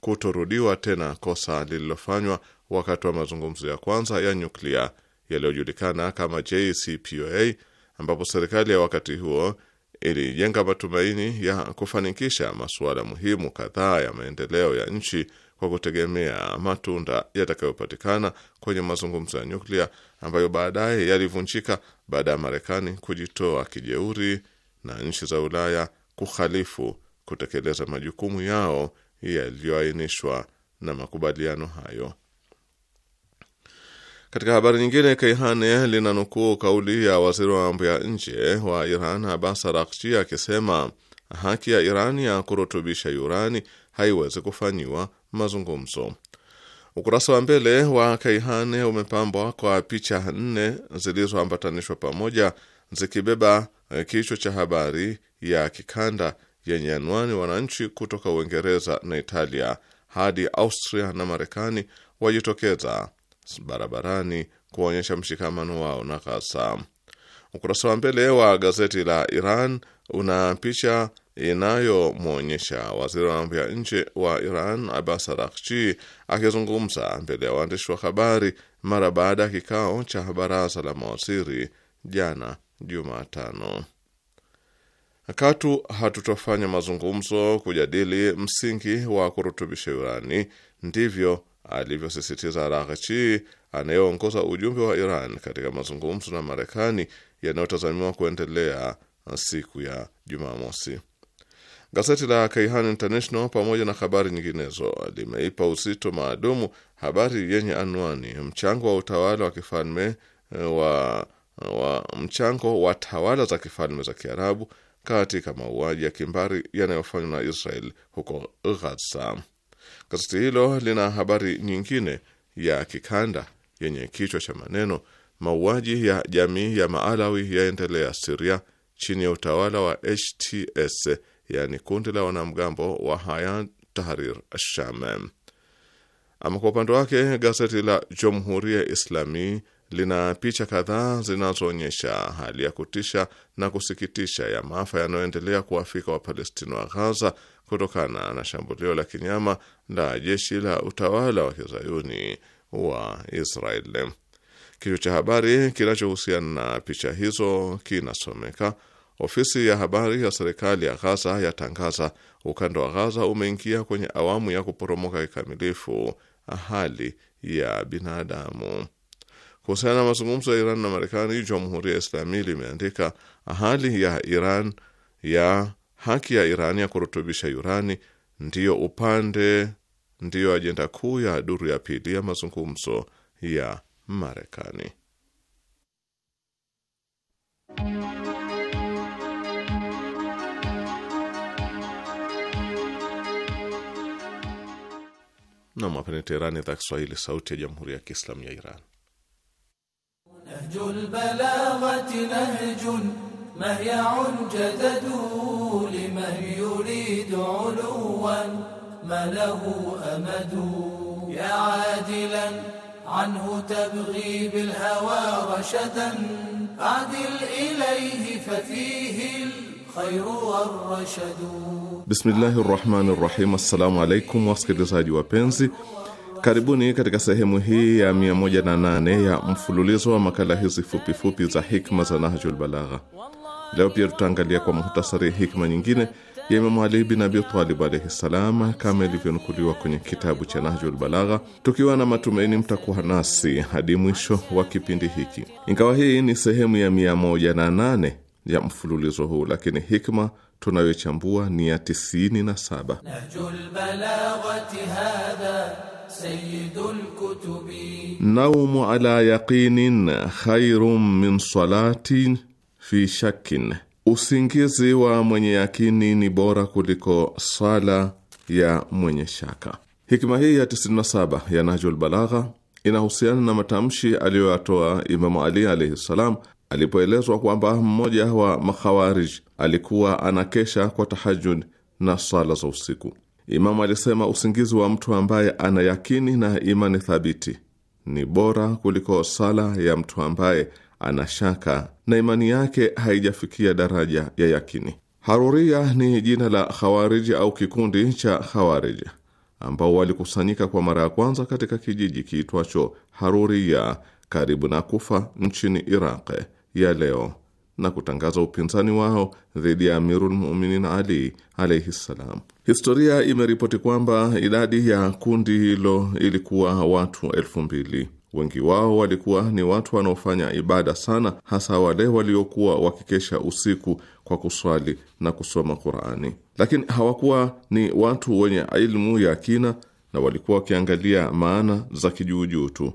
kutorudiwa tena kosa lililofanywa wakati wa mazungumzo ya kwanza ya nyuklia yaliyojulikana kama JCPOA, ambapo serikali ya wakati huo ilijenga matumaini ya kufanikisha masuala muhimu kadhaa ya maendeleo ya nchi kwa kutegemea matunda yatakayopatikana kwenye mazungumzo ya nyuklia ambayo baadaye yalivunjika baada ya Marekani kujitoa kijeuri na nchi za Ulaya kuhalifu kutekeleza majukumu yao yaliyoainishwa na makubaliano hayo. Katika habari nyingine, Keihane linanukuu kauli ya waziri wa mambo ya nje wa Iran Abbas Araghchi akisema haki ya Iran ya kurutubisha urani haiwezi kufanyiwa mazungumzo. Ukurasa wa mbele wa Keihane umepambwa kwa picha nne zilizoambatanishwa pamoja zikibeba eh, kichwa cha habari ya kikanda yenye anwani, wananchi kutoka Uingereza na Italia hadi Austria na Marekani wajitokeza barabarani kuonyesha mshikamano wao na Ghaza. Ukurasa wa mbele wa gazeti la Iran una picha inayomwonyesha waziri wa mambo ya nje wa Iran Abbas Araghchi akizungumza mbele ya waandishi wa habari mara baada ya kikao cha baraza la mawaziri jana Jumatano. Katu hatutofanya mazungumzo kujadili msingi wa kurutubisha urani, ndivyo alivyosisitiza Araghchi anayeongoza ujumbe wa Iran katika mazungumzo na Marekani yanayotazamiwa kuendelea siku ya Jumamosi. Gazeti la Kaihan International pamoja na habari nyinginezo limeipa uzito maalumu habari yenye anwani mchango wa utawala wa kifalme eh, wa, wa mchango wa tawala za kifalme za Kiarabu katika mauaji ya kimbari yanayofanywa na Israel huko Ghaza. Gazeti hilo lina habari nyingine ya kikanda yenye kichwa cha maneno mauaji ya jamii ya Maalawi yaendelea Siria chini ya utawala wa HTS, yaani kundi la wanamgambo wa Hayat Tahrir Sham. Ama kwa upande wake gazeti la Jamhuri ya Islami lina picha kadhaa zinazoonyesha hali ya kutisha na kusikitisha ya maafa yanayoendelea kuwafika Wapalestina wa Ghaza kutokana na shambulio la kinyama la jeshi la utawala wa kizayuni wa Israel. Kichwa cha habari kinachohusiana na picha hizo kinasomeka: ofisi ya habari ya serikali ya Ghaza yatangaza ukanda wa Ghaza umeingia kwenye awamu ya kuporomoka kikamilifu hali ya binadamu. Kuhusiana na mazungumzo ya Iran na Marekani, Jamhuri ya Islami limeandika hali ya Iran ya haki ya Iran ya kurutubisha urani ndiyo upande ndiyo ajenda kuu ya duru ya pili ya mazungumzo ya Marekani. Nam hapa ni Teherani, idhaa Kiswahili, sauti ya jamhuri ya kiislamu ya Iran. Nahjul balagati nahjun mahyaun jadadu لمن يريد علوا ما له أمد يا عادلا عنه تبغي بالهوى رشدا عدل إليه ففيه الخير والرشد بسم الله الرحمن الرحيم السلام عليكم واسكتزاجي وبنزي Karibuni katika sehemu hii ya 108 ya mfululizo wa makala hizi fupifupi za hikma za Nahjul Balagha. Leo pia tutaangalia kwa muhtasari hikma nyingine ya Imamu Ali bin Abi Talib alaihi ssalam, kama ilivyonukuliwa kwenye kitabu cha Nahjul Balagha, tukiwa na matumaini mtakuwa nasi hadi mwisho wa kipindi hiki. Ingawa hii ni sehemu ya mia moja na nane ya mfululizo huu, lakini hikma tunayochambua ni ya tisini na saba. Naumu ala yaqinin khairun min salatin fi shakin, usingizi wa mwenye yakini ni bora kuliko swala ya mwenye shaka. Hikima hii ya 97 ya Nahjul Balagha inahusiana na matamshi aliyoyatoa Imamu Ali alaihi ssalam alipoelezwa kwamba mmoja wa makhawarij alikuwa anakesha kwa tahajud na swala za usiku. Imamu alisema usingizi wa mtu ambaye ana yakini na imani thabiti ni bora kuliko sala ya mtu ambaye ana shaka na imani yake haijafikia daraja ya yakini. Haruria ni jina la Khawariji au kikundi cha Khawariji ambao walikusanyika kwa mara ya kwanza katika kijiji kiitwacho Haruria karibu na Kufa nchini Iraq ya leo na kutangaza upinzani wao dhidi ya Amirul Muminin Ali alaihi ssalam. Historia imeripoti kwamba idadi ya kundi hilo ilikuwa watu elfu mbili. Wengi wao walikuwa ni watu wanaofanya ibada sana, hasa wale waliokuwa wakikesha usiku kwa kuswali na kusoma Qur'ani, lakini hawakuwa ni watu wenye ilmu ya kina na walikuwa wakiangalia maana za kijuujuu tu.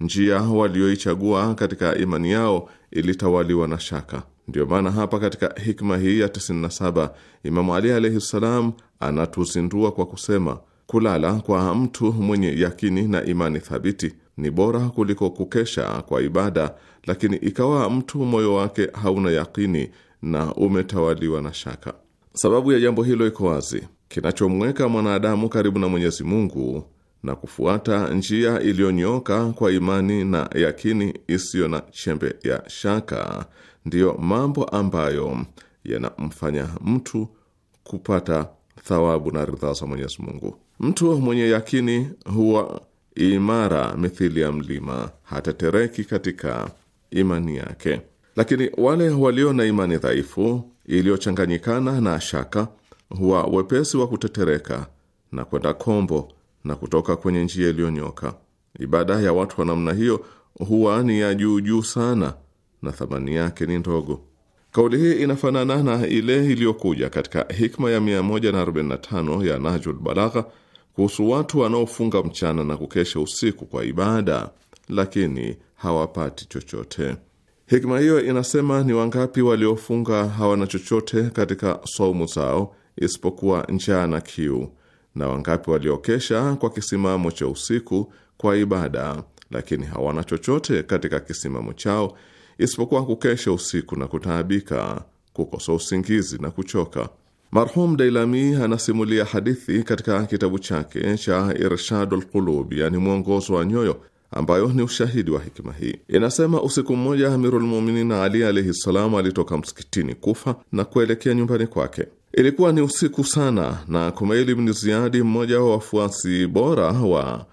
Njia walioichagua katika imani yao ilitawaliwa na shaka. Ndiyo maana hapa katika hikma hii ya 97 Imamu Ali alaihi ssalam anatuzindua kwa kusema, kulala kwa mtu mwenye yakini na imani thabiti ni bora kuliko kukesha kwa ibada, lakini ikawa mtu moyo wake hauna yakini na umetawaliwa na shaka. Sababu ya jambo hilo iko wazi. Kinachomweka mwanadamu karibu na Mwenyezi Mungu na kufuata njia iliyonyooka kwa imani na yakini isiyo na chembe ya shaka, ndiyo mambo ambayo yanamfanya mtu kupata thawabu na ridhaa za Mwenyezi Mungu. Mtu mwenye yakini huwa imara mithili ya mlima, hatetereki katika imani yake. Lakini wale walio na imani dhaifu iliyochanganyikana na shaka huwa wepesi wa kutetereka na kwenda kombo na kutoka kwenye njia iliyonyoka. Ibada ya watu wa namna hiyo huwa ni ya juu juu sana na thamani yake ni ndogo. Kauli hii inafanana na ile iliyokuja katika hikma ya 145 ya najul Balagha kuhusu watu wanaofunga mchana na kukesha usiku kwa ibada, lakini hawapati chochote. Hikma hiyo inasema ni wangapi waliofunga hawana chochote katika saumu zao isipokuwa njaa na kiu, na wangapi waliokesha kwa kisimamo cha usiku kwa ibada, lakini hawana chochote katika kisimamo chao isipokuwa kukesha usiku na kutaabika, kukosa usingizi na kuchoka. Marhum Dailami anasimulia hadithi katika kitabu chake cha Irshadul Qulub, yani mwongozo wa nyoyo, ambayo ni ushahidi wa hikima hii. Inasema usiku mmoja Amirul Muminin Ali alaihi ssalam alitoka msikitini Kufa na kuelekea nyumbani kwake. Ilikuwa ni usiku sana, na Kumaili bni Ziyadi, mmoja wa wafuasi bora wa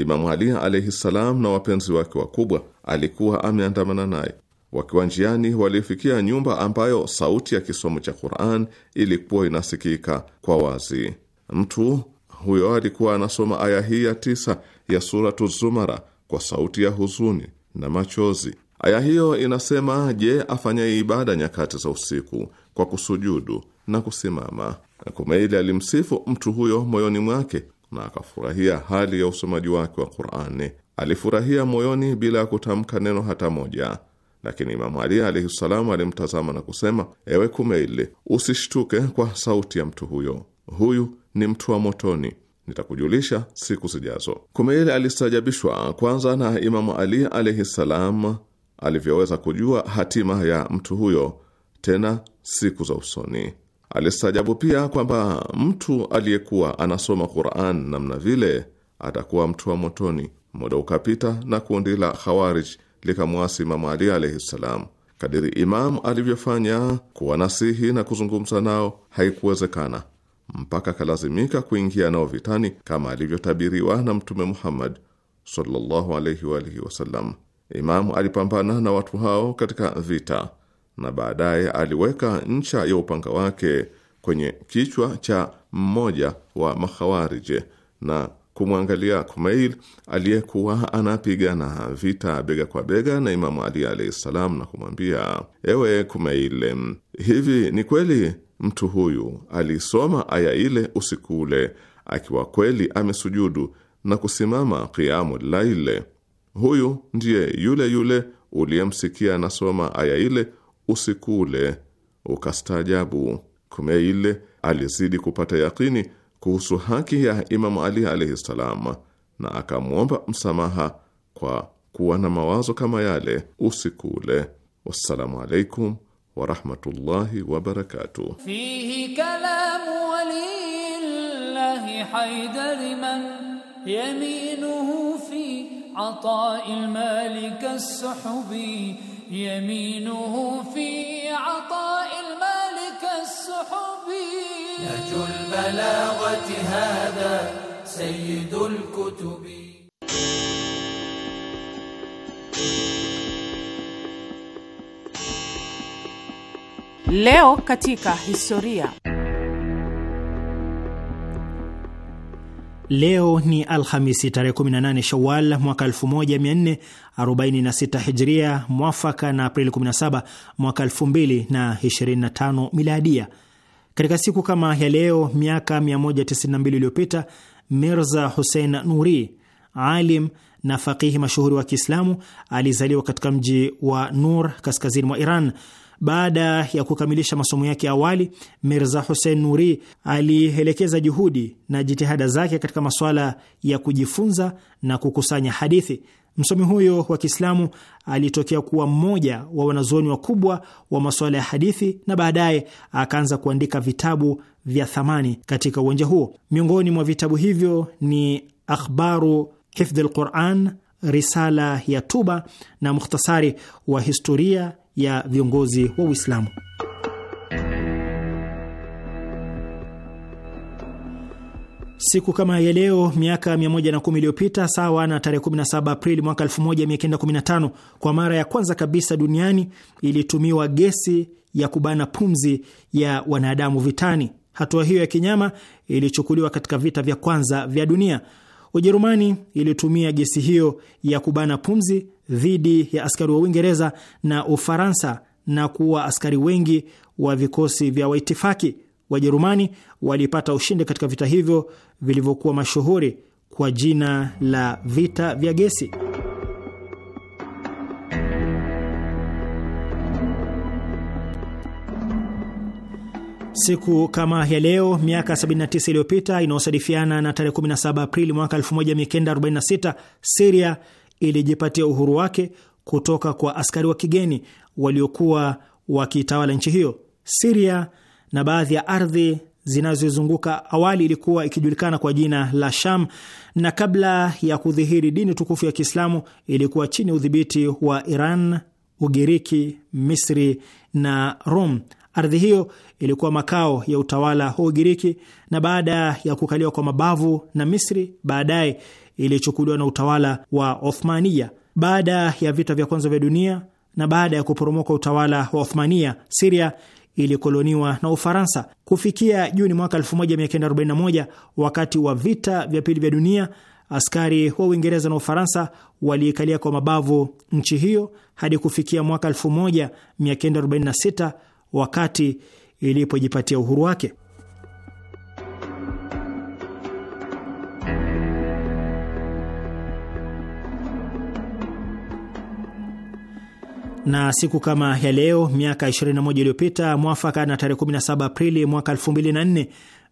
Imamu Ali alaihi ssalam na wapenzi wake wakubwa, alikuwa ameandamana naye. Wakiwa njiani, walifikia nyumba ambayo sauti ya kisomo cha Quran ilikuwa inasikika kwa wazi. Mtu huyo alikuwa anasoma aya hii ya tisa ya Suratu Zumara kwa sauti ya huzuni na machozi. Aya hiyo inasema: Je, afanye ibada nyakati za usiku kwa kusujudu na kusimama. kumeili alimsifu mtu huyo moyoni mwake na akafurahia hali ya usomaji wake wa Qurani. Alifurahia moyoni bila ya kutamka neno hata moja. Lakini Imamu Ali alaihi salamu alimtazama na kusema, ewe Kumeili, usishtuke kwa sauti ya mtu huyo, huyu ni mtu wa motoni, nitakujulisha siku zijazo. Kumeili alistajabishwa kwanza na Imamu Ali alaihi salam alivyoweza kujua hatima ya mtu huyo, tena siku za usoni. Alistajabu pia kwamba mtu aliyekuwa anasoma Quran namna vile atakuwa mtu wa motoni. Muda ukapita na kundi la Khawarij likamwasi Imamu Ali alaihi ssalam. Kadiri Imamu alivyofanya kuwanasihi na kuzungumza nao, haikuwezekana mpaka akalazimika kuingia nao vitani kama alivyotabiriwa na Mtume Muhammad sallallahu alaihi wasallam. Imamu alipambana na watu hao katika vita na baadaye aliweka ncha ya upanga wake kwenye kichwa cha mmoja wa makhawarije na kumwangalia Kumail aliyekuwa anapigana vita bega kwa bega na Imamu Ali alaihi ssalam, na kumwambia ewe Kumail, hivi ni kweli mtu huyu alisoma aya ile usiku ule akiwa kweli amesujudu na kusimama qiamu laile? Huyu ndiye yule yule uliyemsikia anasoma aya ile usiku ule ukastaajabu. Kumail alizidi kupata yakini kuhusu haki ya Imamu Ali alaihi ssalam, na akamwomba msamaha kwa kuwa na mawazo kama yale usiku ule. Wassalamu alaikum warahmatullahi wabarakatuh. Fihi kalamu walillahi Haidari man yaminuhu fi atai lmalik assuhubi yaminuhu fi atai نهج البلاغة هذا سيد الكتب Leo katika historia. Leo ni Alhamisi tarehe 18 Shawal mwaka 1446 Hijria, mwafaka na Aprili 17 mwaka 2025 Miladia. Katika siku kama ya leo miaka 192 iliyopita Mirza Hussein Nuri, alim na faqihi mashuhuri wa Kiislamu, alizaliwa katika mji wa Nur kaskazini mwa Iran. Baada ya kukamilisha masomo yake awali, Mirza Hussein Nuri alielekeza juhudi na jitihada zake katika masuala ya kujifunza na kukusanya hadithi. Msomi huyo wa Kiislamu alitokea kuwa mmoja wa wanazuoni wakubwa wa masuala ya hadithi na baadaye akaanza kuandika vitabu vya thamani katika uwanja huo. Miongoni mwa vitabu hivyo ni Akhbaru Hifdhi Lquran, Risala ya Tuba na mukhtasari wa historia ya viongozi wa Uislamu. Siku kama ya leo miaka 110 iliyopita, sawa na tarehe 17 Aprili mwaka 1915, kwa mara ya kwanza kabisa duniani ilitumiwa gesi ya kubana pumzi ya wanadamu vitani. Hatua hiyo ya kinyama ilichukuliwa katika vita vya kwanza vya dunia. Ujerumani ilitumia gesi hiyo ya kubana pumzi dhidi ya askari wa Uingereza na Ufaransa na kuwa askari wengi wa vikosi vya waitifaki. Wajerumani walipata ushindi katika vita hivyo vilivyokuwa mashuhuri kwa jina la vita vya gesi. Siku kama ya leo miaka 79 iliyopita inayosadifiana na tarehe 17 Aprili mwaka 1946, Siria ilijipatia uhuru wake kutoka kwa askari wa kigeni waliokuwa wakitawala nchi hiyo. Siria na baadhi ya ardhi zinazozunguka awali ilikuwa ikijulikana kwa jina la Sham, na kabla ya kudhihiri dini tukufu ya Kiislamu ilikuwa chini ya udhibiti wa Iran, Ugiriki, Misri na rom Ardhi hiyo ilikuwa makao ya utawala wa Ugiriki na baada ya kukaliwa kwa mabavu na Misri, baadaye ilichukuliwa na utawala wa Othmania. Baada ya vita vya kwanza vya dunia na baada ya kuporomoka utawala wa Othmania, Siria ilikoloniwa na Ufaransa. Kufikia Juni mwaka 1941, wakati wa vita vya pili vya dunia, askari wa Uingereza na Ufaransa waliikalia kwa mabavu nchi hiyo hadi kufikia mwaka 1946 wakati ilipojipatia uhuru wake. na siku kama ya leo miaka 21 iliyopita mwafaka na tarehe 17 Aprili mwaka 2004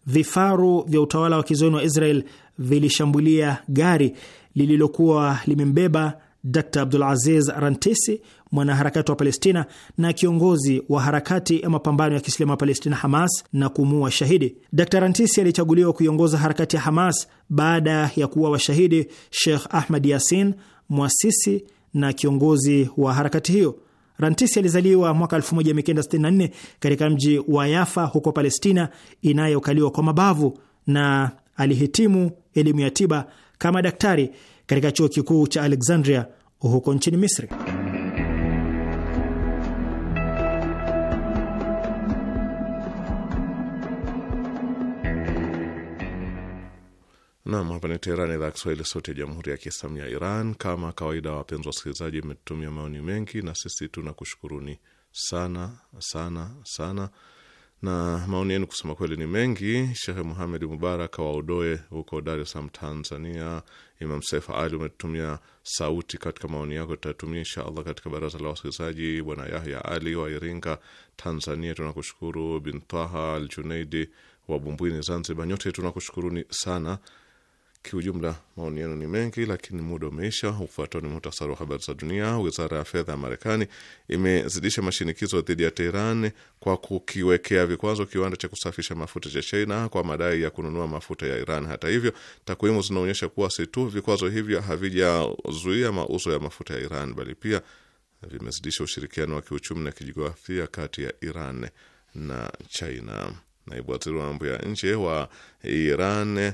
vifaru vya utawala wa kizoni wa Israel vilishambulia gari lililokuwa limembeba Dr Abdul Aziz Rantisi, mwanaharakati wa Palestina na kiongozi wa harakati ya mapambano ya Kiislamu ya Palestina, Hamas, na kumuua shahidi. Dr Rantisi alichaguliwa kuiongoza harakati ya Hamas baada ya kuwa washahidi Sheikh Ahmad Yasin, mwasisi na kiongozi wa harakati hiyo. Rantisi alizaliwa mwaka 1964 katika mji wa Yafa huko Palestina inayokaliwa kwa mabavu na alihitimu elimu ya tiba kama daktari katika chuo kikuu cha Alexandria huko nchini Misri. Nam, hapa ni Teheran, idhaa ya Kiswahili, sauti ya jamhuri ya kiislamu ya Iran. Kama kawaida, wapenzi wasikilizaji, mmetutumia maoni mengi na sisi tunakushukuruni sana sana sana, na maoni yenu kusema kweli ni mengi. Shehe Muhamed Mubarak wa Udoe huko Dar es Salaam, Tanzania. Imam Saif Ali, umetumia sauti katika maoni yako, tutatumia insha allah katika baraza la wasikilizaji. Bwana Yahya Ali wa Iringa, Tanzania, tunakushukuru. Bintaha Aljuneidi wa Bumbwini, Zanzibar, nyote tunakushukuruni sana Kiujumla maoni yenu ni mengi, lakini muda umeisha. Ufuatao ni muhtasari wa habari za dunia. Wizara ya fedha ya Marekani imezidisha mashinikizo dhidi ya Teheran kwa kukiwekea vikwazo kiwanda cha kusafisha mafuta cha China kwa madai ya kununua mafuta ya Iran. Hata hivyo, takwimu zinaonyesha kuwa si tu vikwazo hivyo havijazuia mauzo ya mafuta ya Iran, bali pia vimezidisha ushirikiano wa kiuchumi na kijiografia kati ya Iran na China. Naibu waziri wa mambo ya nje wa Iran